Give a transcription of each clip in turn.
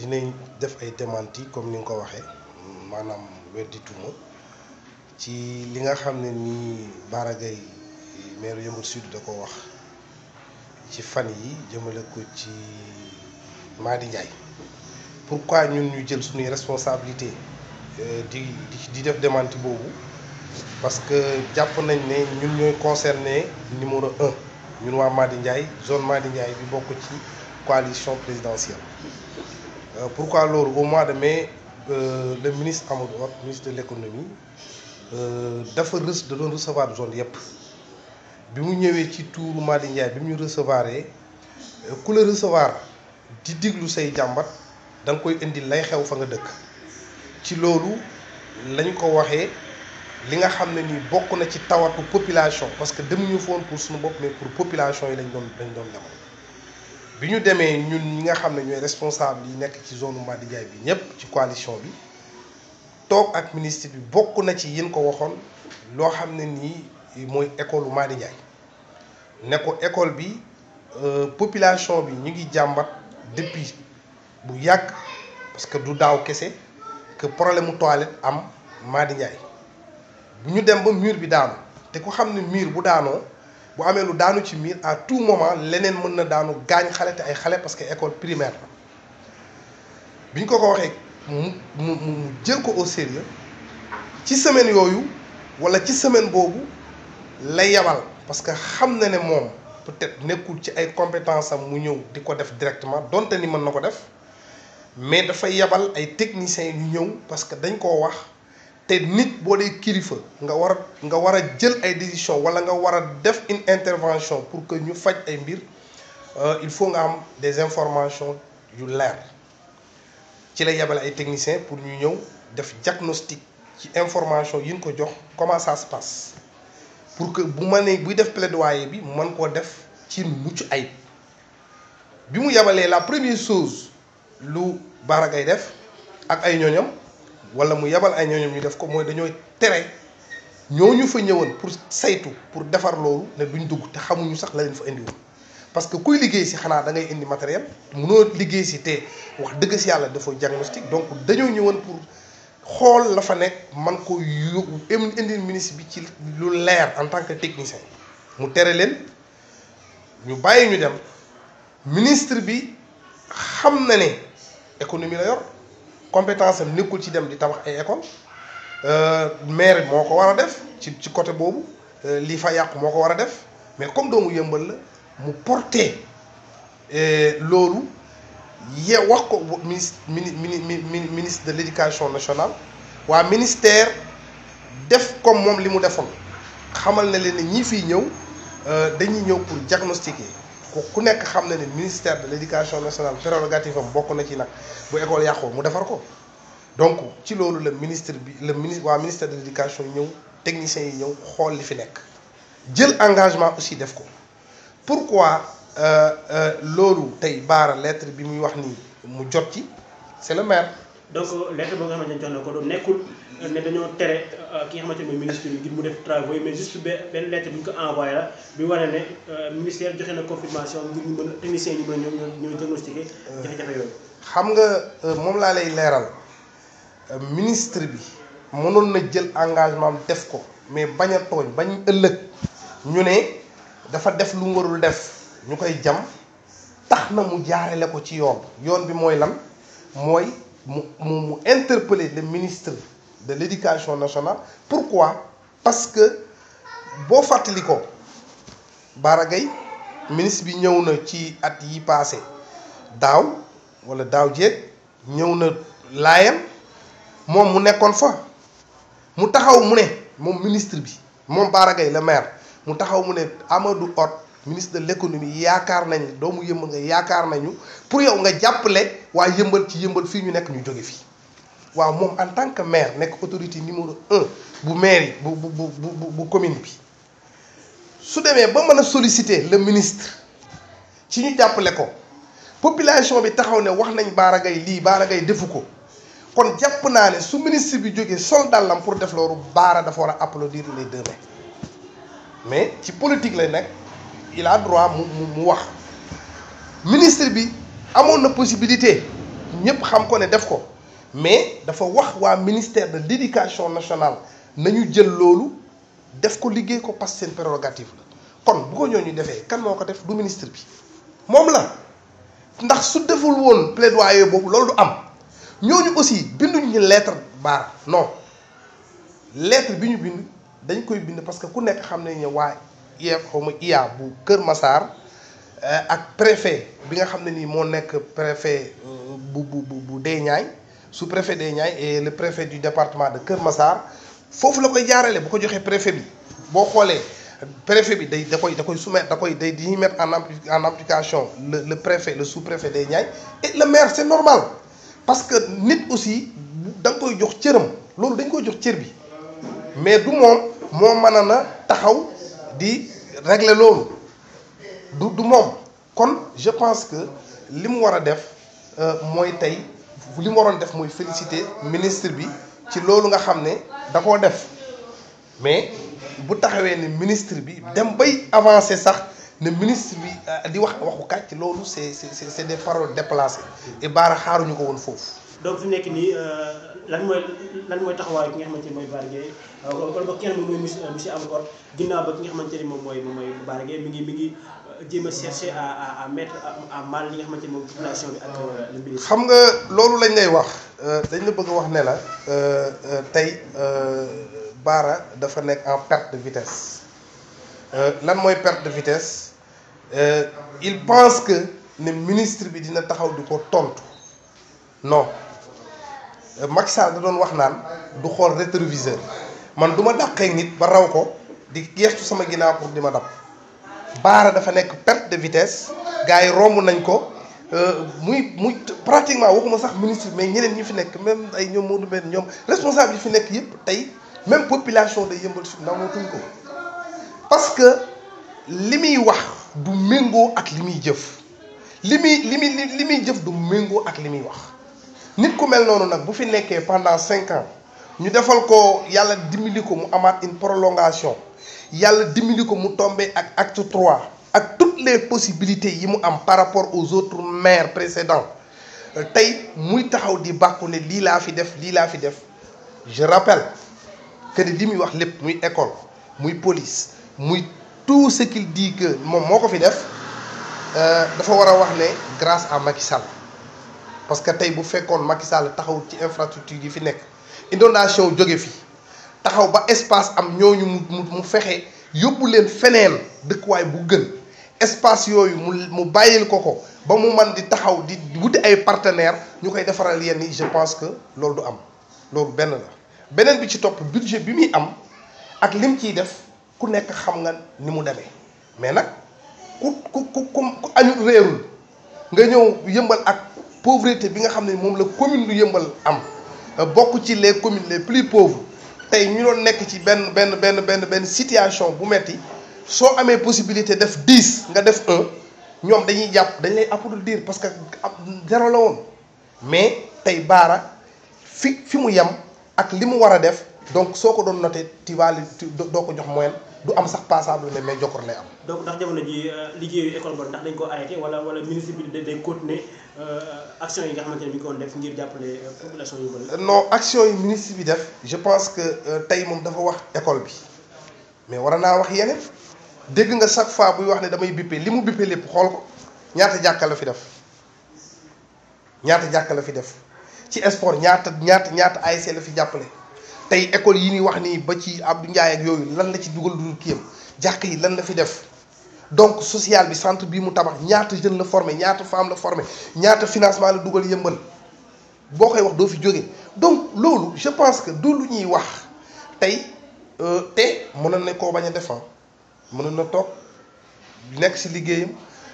dinañ def ay démenti comme ni nga ko waxee maanaam weddi tuuma ci li nga xam ne ni Bara Gaye maire Yeumbeul Sud da ko wax ci fan yi jëmale ko ci Mady Ndiaye pourquoi ñun ñu jël suñuy responsabilité euh, di di def démenti boobu parce que jàpp nañ ne ñun ñooy concerné numéro un ñun waa Mady Ndiaye zone Mady Ndiaye bi bokk ci coalition présidentielle Euh, pour quoi loolu au mois de mais euh, le ministre Amadou Hott ministre de l'économie euh, dafa rës da doon recevoir zone yëpp bi mu ñëwee ci tuuru Mali Ndiaye bi mu ñu recevoir ku la recevoir di diglu say jàmbat danga koy indi lay xew fa nga dëkk ci loolu lañ ko waxee li nga xam ne nii bokk na ci tawatu population parce que demuñu foon pour suñu bopp mais pour population yi lañ doon lañ doon demal bi ñu demee ñun ñi nga xam ne ñooy responsable yi nekk ci zone Mbadi Ndiaye bi ñëpp ci coalition bi toog ak ministre bi bokk na ci yéen ko waxoon loo xam ne nii mooy école Mbadi ne ko école bi euh, population bi ñu ngi jàmbat depuis bu yàgg parce que du daaw kese que problème mu toilette am Mbadi bu ñu dem ba miir bi daanu te ku xam ne mur bu daanoo. bu amee lu daanu ci miir à tout moment leneen mën na daanu gaañ xale te ay xale parce que école primaire la bi ñu ko ko waxee mu mu mu jël ko au sérieux ci semaine yooyu walla ci semaine boobu la yabal parce que xam na ne moom peut-être nekkul ci ay compétence am mu ñëw di ko def directement donte ni mën na ko def mais dafa yabal ay techniciens yu ñëw parce que dañ koo wax te nit boo dee kilifa nga war nga war a jël ay décision wala nga war a def une intervention pour que ñu faj ay mbir euh, il faut nga am des informations yu leer ci la yebale ay techniciens pour ñu ñëw def diagnostic ci information yi ñu ko jox comment ça se pour que bu ma nee buy def plaidoyer bi man koo def ci mucc ayib bi mu yebalee la première chose lu Bara Gaye def ak ay ñooñam wala mu yebal ay ñooñu ñu def ko mooy dañoo tere ñu fa ñëwoon pour saytu pour defar loolu ne duñ dugg te xamuñu sax la leen fa indi woon parce que kuy liggéey si xanaa dangay indi matériel munoo liggéey si te wax dëgg si yàlla dafa diagnostic donc dañoo ñëwoon pour xool la fa nekk man ko yóbbu indi ministre bi ci lu leer en tant que technicien mu tere leen ñu bàyyi ñu dem ministre bi xam na ne économie la yor. compétence am nekkul ci dem di tabax ay école euh, maire moo ko war a def ci ci côté boobu euh, lii fa yàqu moo ko war a def mais comme doomu yëmbal la mu porté euh, loolu ye wax ko ministre mini ministre de l'éducation national waa ministère def comme moom li mu defoon xamal na leen ne ñi fi ñëw dañuy ñëw pour diagnostiquer. ku ku nekk xam na ne ministère de l' éducation nationale prérogative am bokk na ci nag bu école yàqoo mu defar ko donc ci loolu la ministre bi le ministre waa ministère de l' éducation ñëw techniciens yi ñëw xool li fi nekk jël engagement aussi def ko pourquoi euh, euh, loolu tey baara lettre bi muy wax nii mu jot ci c' le maire donc lettre boo nga xamante ne jox na ko doon nekkul euh, ne dañoo tere euh, ki nga ministre yi ngir mu def travaux yi mais juste benn lettre bu ñu ko envoyé la bi wane ne euh, ministère joxe na confirmation ngir ñu mën a technicien ñu mën a ñoo ñooy xam nga moom laa lay leeral ministre bi mënoon na jël engagement def ko mais bañ a tooñ bañ ëllëg ñu ne dafa def lu mu warul def ñu koy jam tax na mu jaarale ko ci yoon yoon bi mooy lan mooy mu mu mu de ministre de l'éducation nationale pourquoi parce que boo fàttali ko Bara ministre bi ñëw na ci at yi passé daaw wala daaw jéeg ñëw na laayam moom mu nekkoon fa mu taxaw mu ne moom ministre bi moom Bara Gaye le maire mu taxaw mu ne Amadou Hott ministre de l'économie yaakaar nañ doomu yëmbal nga yaakaar nañu pour yow nga jàppale waa yëmbal ci yëmbal fii ñu nekk ñu jóge fii waaw moom en tant que maire nekk autorité numéro un bu maire yi bu bu bu bu commune bi su demee ba mën a solliciter le ministre ci ñu jàppale ko population bi taxaw ne wax nañ Bara Gaye lii Bara ngay defu ko kon jàpp naa ne su ministre bi jógee sol dàllam pour def loolu Bara dafa war a applaudir les deux mains mais ci politique lay nekk. il a droit mu mu wax ministre bi amoon na possibilité ñëpp xam ko ne def ko mais dafa wax waa ministère de l'éducation nationale nañu jël loolu def ko liggéey ko parce que seen prérogative la kon bu ko ñooñu defee kan moo ko def du ministre bi moom la ndax su deful woon plaidoyer boobu loolu du am ñooñu aussi binduñu ñu lettre barre non lettre bi ñu bind dañ koy bind parce que ku nekk xam ne waa IEF xaw ma IA bu Kër Massar eh, ak préfet bi nga xam ne nii moo nekk préfet eh, bu bu bu Déñaay sous préfet Déñaay et le préfet du département de Kër Massar foofu la koy jaarale bu ko joxee préfet bi boo xoolee préfet bi day da koy da koy soumettre da koy day dañuy mettre en en application le le préfet le sous préfet Déñaay le maire c'est normal parce que nit aussi da nga koy jox cëram loolu dañ koy jox cër bi mais du moom moo mën a na taxaw. di régle loolu du du moom kon je pense que li mu war a def euh, mooy tey li mu waroon def mooy féliciter ministre bi ci loolu nga xam ne da koo def mais bu taxawee ne ministre bi dem bay avancer sax ne ministre bi euh, di wax waxu kàcc loolu c'est c'est c'est des paroles déplacées et baara xaaruñu ko woon foofu donc fi nekk nii euh, lan mooy lan mooy taxawaayu ki nga xamante ni mooy Bara Gaye euh, wala ba ki nga xam ne mooy monsieur monsieur Amadou Hott ginnaaw ba ki nga xamante ni mi ngi mi ngi euh, jéem a chercher à à à mettre à mal li nga xamante ni moom bi xam nga loolu lañ lay wax dañ la bëgg wax ne la tey Bara dafa nekk en perte de vitesse lan mooy perte de vitesse il pense que ne ministre bi dina taxaw di ko tontu Macky Sall da doon wax naan du xool rétroviseur man du ma dàqee nit ba raw ko di geestu sama ginaar pour di ma dab baara dafa nekk perte de vitesse gars yi romb nañ ko euh, muy muy pratiquement waxuma sax ministre mais ñeneen ñi fi nekk même ay ñoom Modou Mbène ñoom responsable yi fi nekk yëpp tey même population day yëmbal su nawlootuñ ko parce que li muy wax du méngoo ak li muy jëf li muy li muy li muy jëf du méngoo ak li muy wax nit ku mel noonu nag bu fi nekkee pendant cinq ans ñu defal ko yàlla dimbali ko mu amaat une prolongation yàlla dimbali ko mu tombé ak acte trois ak toutes les possibilités yi mu am par rapport aux autres maires précédents euh, tey muy taxaw di bàkku ne lii laa fi def lii laa fi def je rappelle que muy wax lépp muy école muy police muy tout ce qu'il dit moom moo ko fi def euh, dafa war a wax ne grâce à Macky parce que tey bu fekkoon Macky Sall taxaw ci infrastructure yi fi nekk indonation jóge fi taxaw ba espace am ñooñu mu mu fexe yóbbu leen feneen dëkkuwaay bu gën espace yooyu mu mu bàyyil ko ko ba mu man di taxaw di wuti ay partenaires ñu koy defaral yenn yi je pense que loolu du am loolu benn la beneen bi ci topp budget bi muy am ak lim ciy def ku nekk xam nga ni mu demee mais nag ku ku ku ku añu réerul nga ñëw yëmbal ak pauvreté bi nga xam ne moom la commune du yëmbal am euh, bokk ci les communes les plus pauvres tey ñu doon nekk ci benn benn benn benn benn situation bu metti soo amee possibilité def dix nga def un ñoom dañuy jàpp dañ lay applaudir parce que ab zéro la woon mais tey baara fi fi mu yem ak li mu war a def donc soo ko doon noté tiwaali doo ko jox moyen du am sax passable mais mais Jokor lay am. donc ndax jamono ji euh, liggéeyu école boobu ndax dañ ko arrêté wala wala municipal bi day continuer euh, action yi nga xamante ne bi ñu ko doon def ngir jàppale euh, population yu bëri. non action yi ministre bi def je pense que tey moom dafa wax école bi mais war naa wax yeneen dégg nga chaque fois buy wax ne damay bippe li mu bippe lépp xool ko ñaata jàkka la fi def ñaata jàkka la fi def ci sport ñaata ñaata ñaata ASC la fi jàppale. tey école yi ñuy wax nii ba ci Abdou Ndiaye ak yooyu lan la ci dugal du kiyam jàkk yi lan la fi def donc social bi centre bi mu tabax ñaata jeune la formé ñaata femme la formé ñaata financement la dugal yëmbal boo koy wax doo fi jóge donc loolu je pense que du lu ñuy wax tey euh, te mënoon na koo bañ a defan ah. mënoon na toog nekk si liggéeyam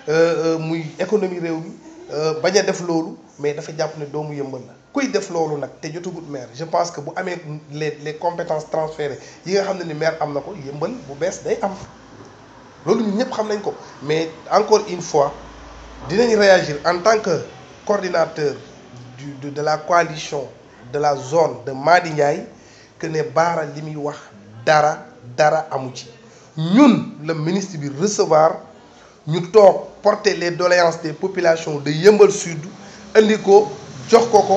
euh, euh, muy économie réew mi Euh, bañ a def loolu mais dafa jàpp ne doomu yëmbal la kuy def loolu nag te jotagut maire je pense que bu amee les les compétences transférées yi nga xam ne ni maire am na ko yëmbal bu bees day am loolu ñun ñëpp xam nañ ko mais encore une fois dinañ réagir en tant que coordinateur du de la coalition de la zone de Madi Ndiaye ne baaral li muy wax dara dara amu ci ñun le ministre bi recevoir. ñu toog porter les doléances des populations de Yeumbeul Sud indi ko jox ko ko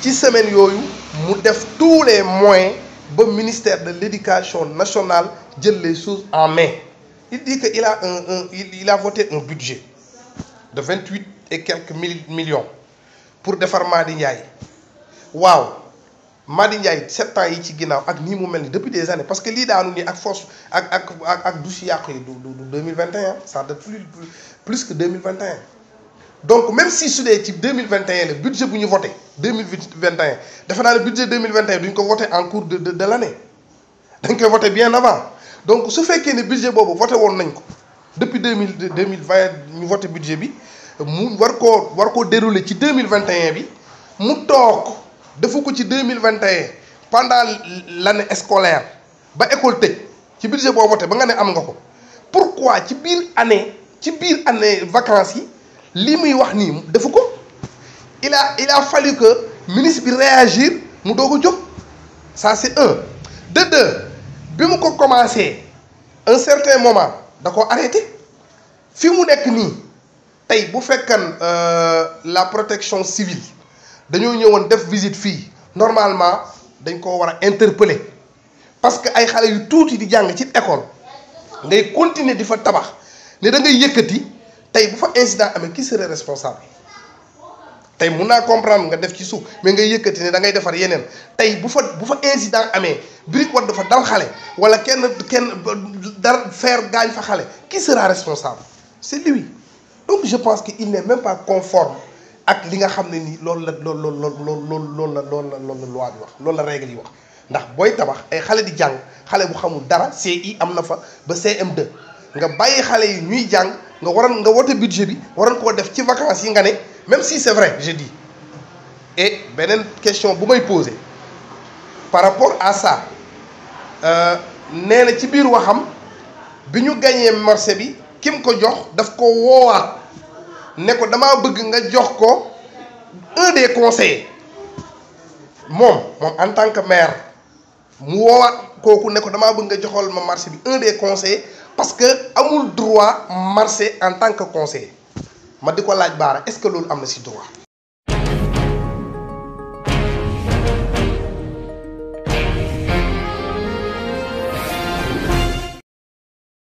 ci semaine yooyu mu def tous les moyens ba ministère de l'éducation nationale jël les choses en mais il dit que il a un un il a voté un budget de vingt-huit et quelques mille millions pour defar Madi Ndiaye waaw Madi Ndiaye sept ans yi ci ginnaaw ak nii mu mel ni depuis des années parce que lii daanu nii ak force ak ak ak ak douche yàqu yi du du 2021 ça date plus plus que 2021 donc même si su dee ci 2021 la budget bu ñu voté 2021 dafa naa ne budget 2021 duñ ko voté en cours de de de dañ koy voté bien avant donc su fekkee ne budget boobu voté woon nañ ko depuis 2000 2020 ñu voté budget bi mu war koo war koo déroulé ci 2021 bi mu toog. defu ko ci deux mille vingt et un pendant l'année ba école tëj ci budget boo voté ba nga ne am nga ko pourquoi ci biir année ci biir année vacances yi lii muy wax nii defu ko il a il a fallu ministre bi réagir mu doo ko jóg ça c'est un de deux bi mu ko commencé un certain moment da ko arrêté fi mu nekk nii tey bu fekkan euh, la protection civile dañoo ñëwoon def visite fii normalement dañ koo war a interpeller parce que ay xale yu tuuti di jàng ci école ngay continuer di fa tabax ne da ngay yëkkati tey bu fa incident amee qui serait responsable tey mun naa comprendre nga def ci suuf mais ngay yëkkati ne da ngay defar yeneen tey bu fa bu fa incident amee brique war dafa dal xale wala kenn kenn dara faire gaañ fa xale qui sera responsable c'est lui donc je pense que il n'est même pas conforme ak li nga xam ne nii loolu la loolu loolu loolu loolu loolu la loolu la loolu la loi bi wax loolu la règle yi wax ndax booy tabax ay xale di jàng xale bu xamul dara CI am na fa ba CM2 nga bàyyi xale yi ñuy jàng nga waroon nga wote budget bi waral koo def ci vacances yi nga ne même si c'est vrai je dis et beneen question bu may poser par rapport à ça euh, nee na ci biir waxam bi ñu gañee marché bi kim ko jox daf ko woowaat ne ko damaa bëgg nga jox ko un des conseillers moom moom en tant que maire mu woowaat kooku ne ko damaa bëgg nga joxal ma marché bi un des conseillers parce que amul droit marché en tant que conseil ma di ko laaj baara est-ce que loolu am na si droit